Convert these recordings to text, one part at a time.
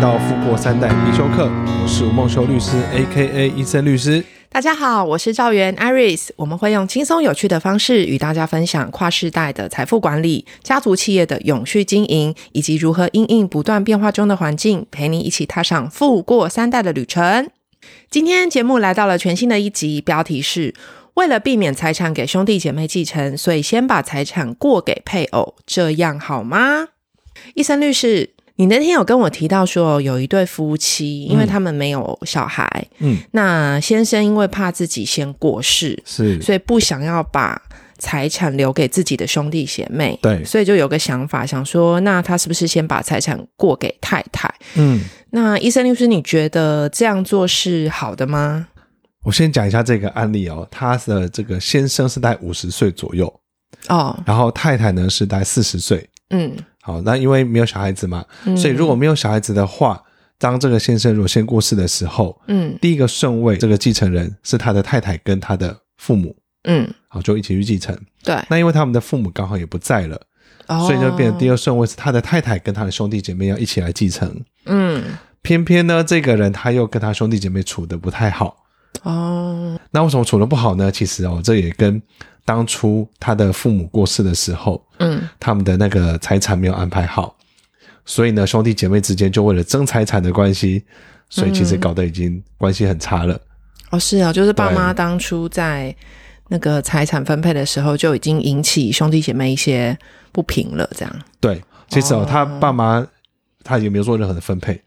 到富過三代必修課，我是吳孟修律師 （A.K.A. 伊森律師）。大家好，我是趙元 Iris，我們會用輕鬆有趣的方式與大家分享跨世代的財富管理、家族企業的永續經營，以及如何因應不斷變化中的環境，陪你一起踏上富過三代的旅程。今天節目來到了全新的一集，標題是為了避免財產給兄弟姐妹繼承，所以先把財產過給配偶，這樣好嗎？伊森律師。你那天有跟我提到說，有一對夫妻，因為他們沒有小孩，嗯，嗯，那先生因為怕自己先過世，是，所以不想要把財產留給自己的兄弟姐妹，對，所以就有個想法，想說，那他是不是先把財產過給太太？嗯，那伊森律師，你覺得這樣做是好的嗎？我先講一下這個案例哦、喔，他的這個先生是在五十歲左右哦，然後太太呢是在四十歲，嗯。好、哦，那因為沒有小孩子嘛，嗯、所以如果沒有小孩子的話，當這個先生如果先過世的時候，嗯，第一個順位這個繼承人是他的太太跟他的父母，嗯，好、哦，就一起去繼承。對，那因為他們的父母剛好也不在了，所以就變成第二順位是他的太太跟他的兄弟姐妹要一起來繼承。嗯，偏偏呢，這個人他又跟他兄弟姐妹處得不太好。哦，那為什麼處得不好呢？其實哦，這也跟當初他的父母過世的時候，嗯，他們的那個財產沒有安排好，嗯、所以呢，兄弟姐妹之間就為了爭財產的關係，所以其實搞得已經關係很差了。嗯、哦，是啊、哦，就是爸媽當初在那個財產分配的時候對就已經引起兄弟姐妹一些不平了，這樣。對，其實哦，哦他爸媽他也沒有做任何的分配，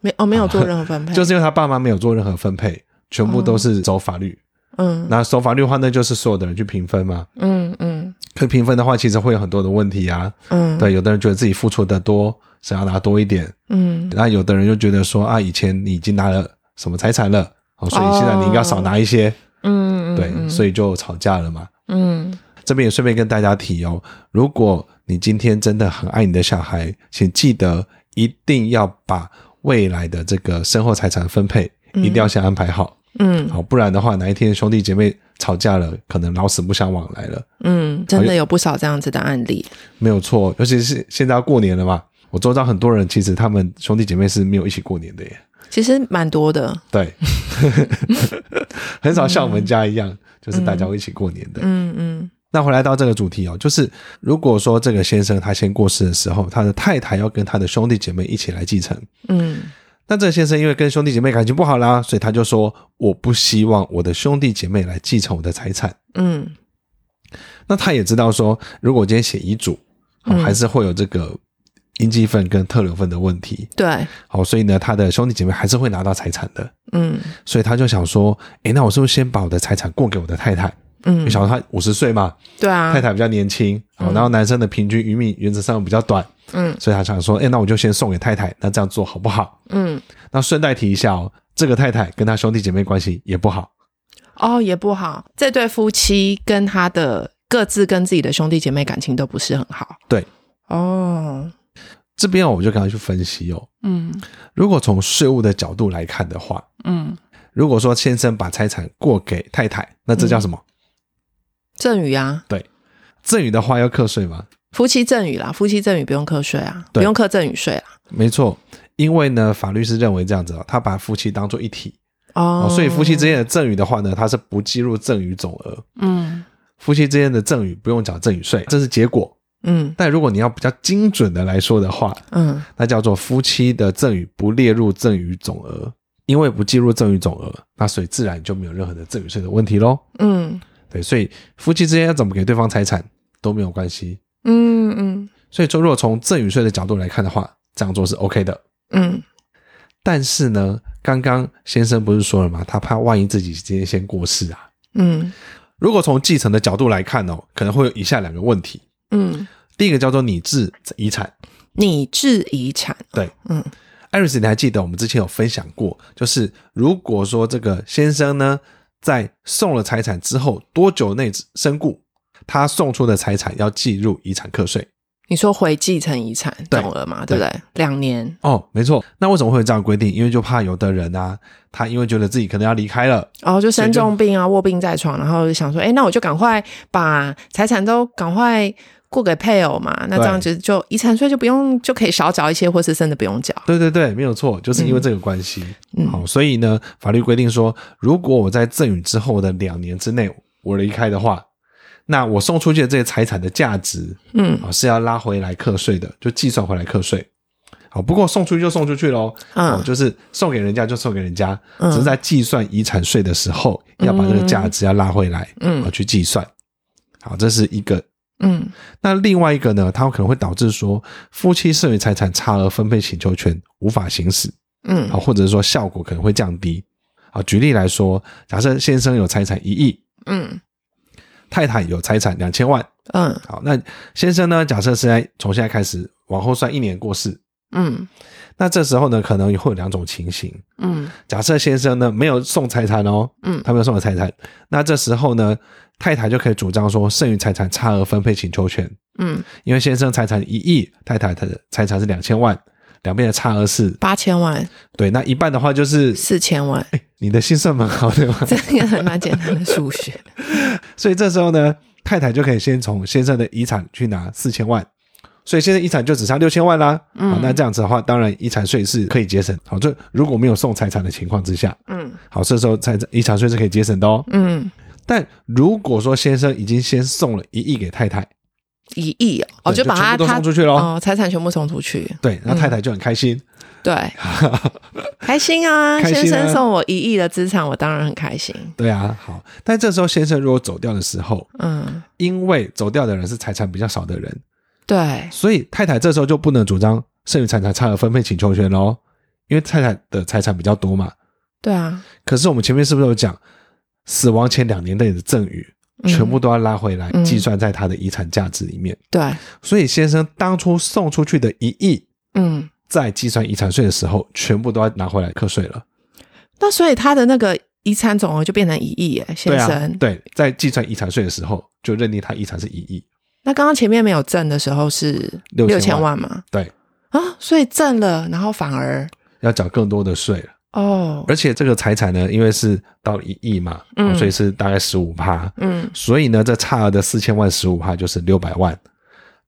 沒哦，沒有做任何分配， 就是因為他爸媽沒有做任何分配，全部都是走法律。哦嗯，那守法律的話，那就是所有的人去平分嘛。嗯嗯，嗯可以平分的話，其實會有很多的問題啊。嗯，對，有的人覺得自己付出的多，想要拿多一點。嗯，那有的人就覺得說啊，以前你已經拿了什麼財產了，所以現在你應該少拿一些。哦、嗯，嗯對，所以就吵架了嘛。嗯，這邊也順便跟大家提哦，如果你今天真的很愛你的小孩，請記得一定要把未來的這個身後財產分配，一定要先安排好。嗯嗯，好，不然的話，哪一天兄弟姐妹吵架了，可能老死不相往來了。嗯，真的有不少這樣子的案例，哦，沒有錯。尤其是現在要過年了嘛，我周遭很多人其實他們兄弟姐妹是沒有一起過年的耶。其實蠻多的，對， 很少像我們家一樣，嗯，就是大家一起過年的。嗯嗯。嗯嗯那回來到這個主題哦，就是如果說這個先生他先過世的時候，他的太太要跟他的兄弟姐妹一起來繼承。嗯。那這先生因為跟兄弟姐妹感情不好啦，所以他就說我不希望我的兄弟姐妹來繼承我的財產。嗯，那他也知道說，如果我今天寫遺囑，哦嗯、還是會有這個應繼分跟特留分的問題。對，好、哦，所以呢，他的兄弟姐妹還是會拿到財產的。嗯，所以他就想說，誒、欸，那我是不是先把我的財產過給我的太太？嗯，你想到他五十歲嘛，對啊，太太比較年輕，嗯、然後男生的平均餘命原則上比較短，嗯，所以他想說，哎、欸，那我就先送給太太，那這樣做好不好？嗯，那順帶提一下哦，這個太太跟他兄弟姐妹關係也不好，哦，也不好，這對夫妻跟他的各自跟自己的兄弟姐妹感情都不是很好，對，哦，這邊我就跟他去分析哦，嗯，如果從稅務的角度來看的話，嗯，如果說先生把財產過給太太，那這叫什麼？嗯贈與啊，對，贈與的話要課稅嗎？夫妻贈與啦，夫妻贈與不用課稅啊，不用課贈與稅啊。沒錯，因為呢，法律是認為這樣子哦，他把夫妻當做一體哦，所以夫妻之間的贈與的話呢，它是不計入贈與總額。嗯，夫妻之間的贈與不用繳贈與稅，這是結果。嗯，但如果你要比較精準的來說的話，嗯，那叫做夫妻的贈與不列入贈與總額，因為不計入贈與總額，那所以自然就沒有任何的贈與稅的問題咯。嗯。對，所以夫妻之間要怎麼給對方財產都沒有關係，嗯嗯，嗯，所以說如果從贈與稅的角度來看的話，這樣做是 OK 的，嗯。但是呢，剛剛先生不是說了嗎？他怕萬一自己今天先過世啊，嗯。如果從繼承的角度來看哦，可能會有以下兩個問題，嗯。第一個叫做擬制遺產，擬制遺產，對，嗯。Iris，你還記得我們之前有分享過，就是如果說這個先生呢？在送了財產之後多久內身故，他送出的財產要計入遺產課稅。你說回繼承遺產，懂了嘛？對不對？兩對年。哦，沒錯。那為什麼會有這樣規定？因為就怕有的人啊，他因為覺得自己可能要離開了，哦，就生重病啊，臥病在床，然後就想說，誒、欸、那我就趕快把財產都趕快。過給配偶嘛，那這樣子就，就遺產稅就不用，對就可以少繳一些，或是甚至不用繳。對對對，沒有錯，就是因為這個關係。嗯嗯、好，所以呢，法律規定說，如果我在贈與之後的兩年之內我離開的話，那我送出去的這些財產的價值，嗯、哦，是要拉回來課稅的，就計算回來課稅。好，不過送出去就送出去嘍，嗯、哦，就是送給人家就送給人家，嗯、只是在計算遺產稅的時候、嗯、要把這個價值要拉回來，嗯、啊，去計算。好，這是一個。嗯，那另外一個呢，他可能會導致說夫妻剩餘財產差額分配請求權無法行使，嗯，啊，或者是說效果可能會降低。啊，舉例來說，假設先生有財產一億，嗯，太太有財產兩千萬，嗯，好，那先生呢，假設是在從現在開始往後算一年過世。嗯，那這時候呢，可能也會有兩種情形。嗯，假設先生呢沒有送財產哦，嗯，他沒有送的財產，那這時候呢，太太就可以主張說剩餘財產差額分配請求權。嗯，因為先生財產一億，太太的財產是兩千萬，兩邊的差額是八千萬。對，那一半的話就是四千萬。欸，你的心算蠻好，對吧？這個還蠻簡單的數學。 所以這時候呢，太太就可以先從先生的遺產去拿四千萬。所以先生遺產就只差六千萬啦，啊，那這樣子的話，當然遺產稅是可以節省，好，就如果沒有送財產的情況之下，嗯，好，這時候財產遺產稅是可以節省的哦，嗯，但如果說先生已經先送了一億給太太，一億哦，就把它都送出去哦。財產全部送出去，對，那太太就很開心，對，開心啊，先生送我一億的資產，我當然很開心，對啊，好，但這時候先生如果走掉的時候，嗯，因為走掉的人是財產比較少的人。對，所以太太這時候就不能主張剩餘財產差額分配請求權嘍，因為太太的財產比較多嘛。對啊。可是我們前面是不是有講，死亡前兩年內的贈與，嗯、全部都要拉回來計算在他的遺產價值裡面。嗯、對，所以先生當初送出去的一億，嗯，在計算遺產稅的時候，全部都要拿回來課稅了。那所以他的那個遺產總額就變成一億耶，先生。對啊、對，在計算遺產稅的時候，就認定他遺產是一億。那剛剛前面沒有賺的時候是六六千萬嗎？萬對啊，所以賺了，然後反而要繳更多的稅哦。而且這個財產呢，因為是到一億嘛，嗯、哦，所以是大概十五趴，嗯，所以呢，這差額的四千萬十五趴就是六百萬，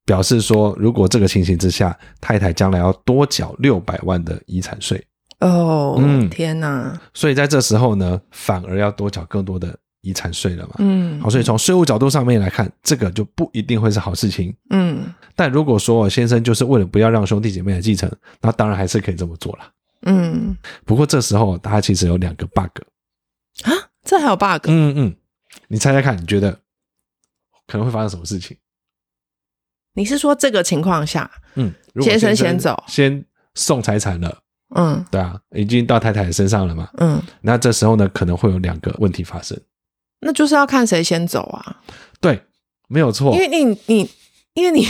表示說，如果這個情形之下，太太將來要多繳六百萬的遺產稅哦。嗯，天哪！所以在這時候呢，反而要多繳更多的。遺產稅了嘛。嗯，好，所以從稅務角度上面來看，這個就不一定會是好事情。嗯，但如果說先生就是為了不要讓兄弟姐妹來繼承，那當然還是可以這麼做啦。嗯，不過這時候他其實有兩個 bug。啊，這還有 bug？嗯嗯，你猜猜看，你覺得可能會發生什麼事情？你是說這個情況下？嗯，先生先，先生先走，先送財產了。嗯，對啊，已經到太太的身上了嘛。嗯，那這時候呢，可能會有兩個問題發生。那就是要看誰先走啊？對，沒有錯。因為你你因為你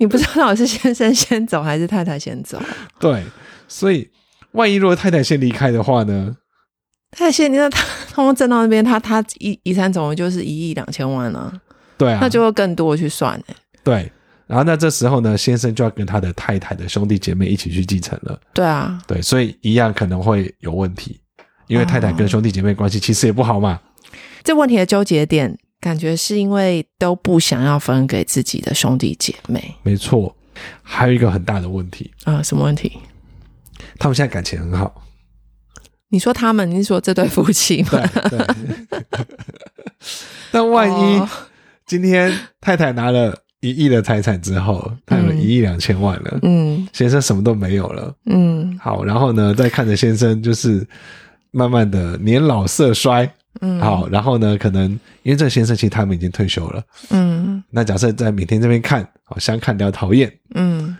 你不知道是先生先走還是太太先走。對，所以萬一如果太太先離開的話呢？太太先離開，他通過掙到那邊，他他遺遺產總額就是一億兩千萬了，啊。對啊，那就會更多去算，欸。對，然後那這時候呢，先生就要跟他的太太的兄弟姐妹一起去繼承了。對啊，對，所以一樣可能會有問題，因為太太跟兄弟姐妹關係其實也不好嘛。這問題的糾結點，感覺是因為都不想要分給自己的兄弟姐妹。沒錯，還有一個很大的問題啊，什麼問題？他們現在感情很好。你說他們，你是說這對夫妻嗎？ 對對 但萬一、oh. 今天太太拿了一億的財產之後，她有一億兩千萬了，嗯，先生什麼都沒有了，嗯，好，然後呢，再看着先生就是慢慢的年老色衰。嗯，好，然後呢？可能因為這個先生，其實他們已經退休了。嗯，那假設在每天這邊看，好像看掉討厭。嗯，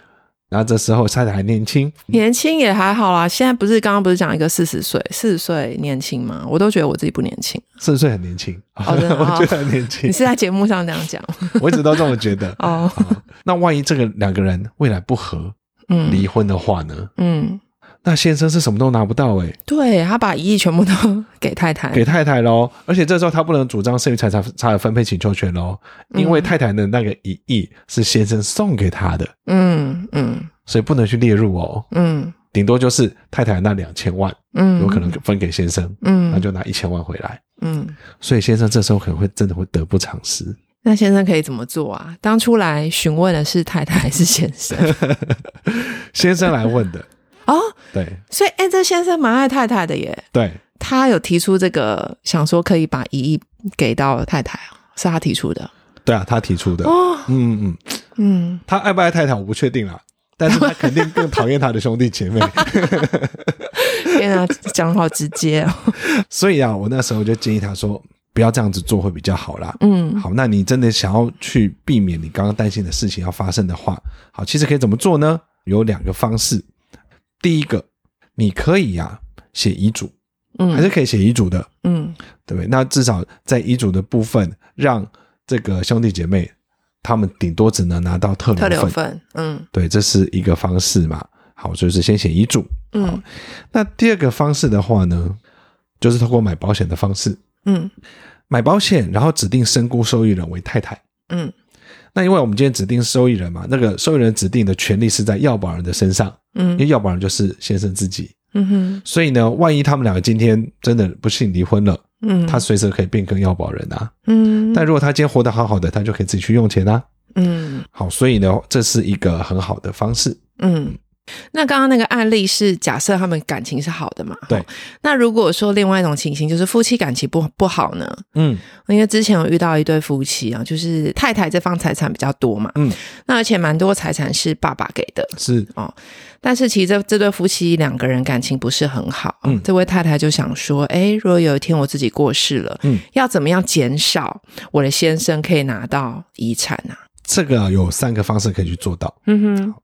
然後這時候太太還年輕，年輕也還好啦。現在不是剛剛不是講一個四十歲，四十歲年輕嗎？我都覺得我自己不年輕，四十歲很年輕。好的。哦，真的？ 我覺得很年輕。哦，你是在節目上這樣講， 我一直都這麼覺得。哦，那萬一這個兩個人未來不和，嗯，離婚的話呢？嗯。那先生是什麼都拿不到誒、欸、對，他把一億全部都給太太，給太太嘍。而且這時候他不能主張剩餘財產財產分配請求權嘍，嗯、因為太太的那個一億是先生送給他的，嗯嗯，嗯，所以不能去列入哦，嗯，頂多就是太太那兩千萬，嗯，有可能分給先生，嗯，那就拿一千萬回來，嗯，嗯，所以先生這時候可能會真的會得不償失。那先生可以怎麼做啊？當初來詢問的是太太還是先生？ 先生來問的。 哦，oh, 對，所以哎，這先生蠻愛太太的耶。對，他有提出這個，想說可以把一億給到太太啊，是他提出的。對啊，他提出的。哦，嗯嗯嗯，嗯他愛不愛太太，我不確定啦， 但是他肯定更討厭他的兄弟姐妹。 天啊，講的好直接哦。所以啊，我那時候就建議他說，不要這樣子做會比較好啦。嗯，好，那你真的想要去避免你剛剛擔心的事情要發生的話，好，其實可以怎麼做呢？有兩個方式。第一個，你可以呀、啊、寫遺囑，嗯，還是可以寫遺囑的，嗯，對，那至少在遺囑的部分，讓這個兄弟姐妹他們頂多只能拿到特留份特留份，嗯，對，這是一個方式嘛。好，就是先寫遺囑，嗯。那第二個方式的話呢，就是透過買保險的方式，嗯，買保險，然後指定身故受益人為太太，嗯。那因為我們今天指定受益人嘛，那個受益人指定的權利是在要保人的身上，嗯，因為要保人就是先生自己，嗯哼，所以呢，萬一他們兩個今天真的不幸離婚了，嗯哼，他隨時可以變更要保人吶，嗯哼，但如果他今天活得好好的，他就可以自己去用錢啊。嗯，好，所以呢，這是一個很好的方式，嗯。那剛剛那個案例是假設他們感情是好的嘛？對。哦，那如果說另外一種情形，就是夫妻感情不不好呢？嗯，因為之前我遇到一對夫妻啊，就是太太這方財產比較多嘛。嗯。那而且蠻多財產是爸爸給的。是哦。但是其實這這對夫妻兩個人感情不是很好。嗯。這位太太就想說，誒，如果有一天我自己過世了，嗯，要怎麼樣減少我的先生可以拿到遺產啊？這個有三個方式可以去做到。嗯哼。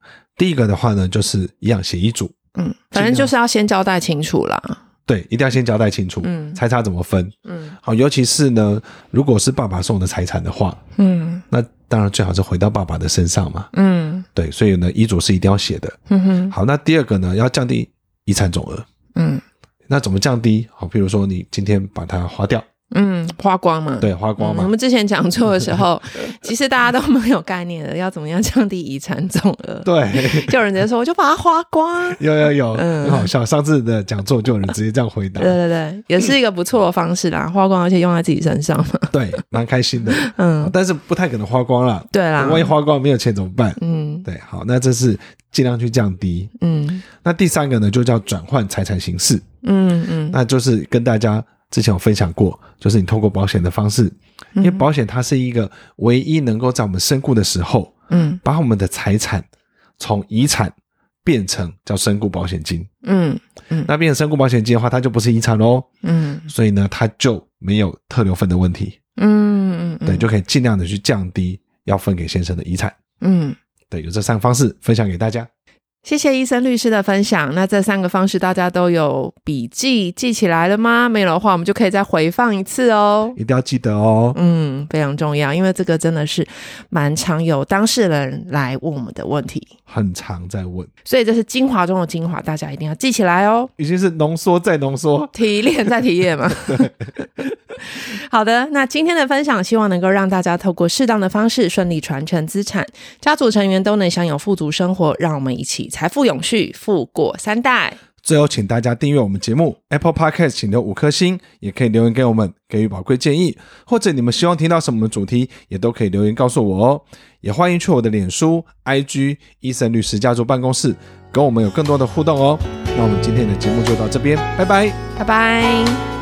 第一個的話呢，就是一樣寫遺囑，嗯，反正就是要先交代清楚啦，對，一定要先交代清楚，嗯，財產怎麼分，嗯，好，尤其是呢，如果是爸爸送的財產的話，嗯，那當然最好是回到爸爸的身上嘛，嗯，對，所以呢，遺囑是一定要寫的，嗯哼，好，那第二個呢，要降低遺產總額，嗯，那怎麼降低？好，譬如說你今天把它花掉。嗯，花光嘛，對，花光嘛。我們之前講座的時候，其實大家都蠻有概念的，要怎麼樣降低遺產總額。對，就有人直接說，我就把它花光。有有有，很好笑。上次的講座，就有人直接這樣回答。對對對，也是一個不錯的方式啦，花光，而且用在自己身上嘛。對，蠻開心的。嗯，但是不太可能花光啦。對啦，萬一花光沒有錢怎麼辦？嗯，對，好，那這是盡量去降低。嗯，那第三個呢，就叫轉換財產形式。嗯嗯，那就是跟大家。之前有分享過，就是你通過保險的方式。因為保險它是一個唯一能夠在我們身故的時候，嗯，把我們的財產從遺產變成叫身故保險金，嗯嗯，嗯，那變成身故保險金的話，它就不是遺產嘍，嗯，所以呢，它就沒有特留份的問題，嗯嗯，嗯對，就可以盡量的去降低要分給先生的遺產，嗯，對，有這三個方式分享給大家。謝謝伊森律師的分享。那這三個方式，大家都有筆記記起來了嗎？沒有的話，我們就可以再回放一次哦。一定要記得哦。嗯，非常重要，因為這個真的是蠻常有當事人來問我們的問題。很常在問，所以這是精華中的精華，大家一定要記起來哦。已經是濃縮再濃縮，提煉再提煉嘛。 對 好的，那今天的分享希望能夠讓大家透過適當的方式順利傳承資產，家族成員都能享有富足生活。讓我們一起財富永續，富過三代。最後，請大家訂閱我們節目，Apple Podcast，請留五顆星，也可以留言給我們，給予寶貴建議，或者你們希望聽到什麼主題，也都可以留言告訴我哦。也歡迎去我的臉書、IG 伊森律師家族辦公室，跟我們有更多的互動哦。那我們今天的節目就到這邊，拜拜，拜拜。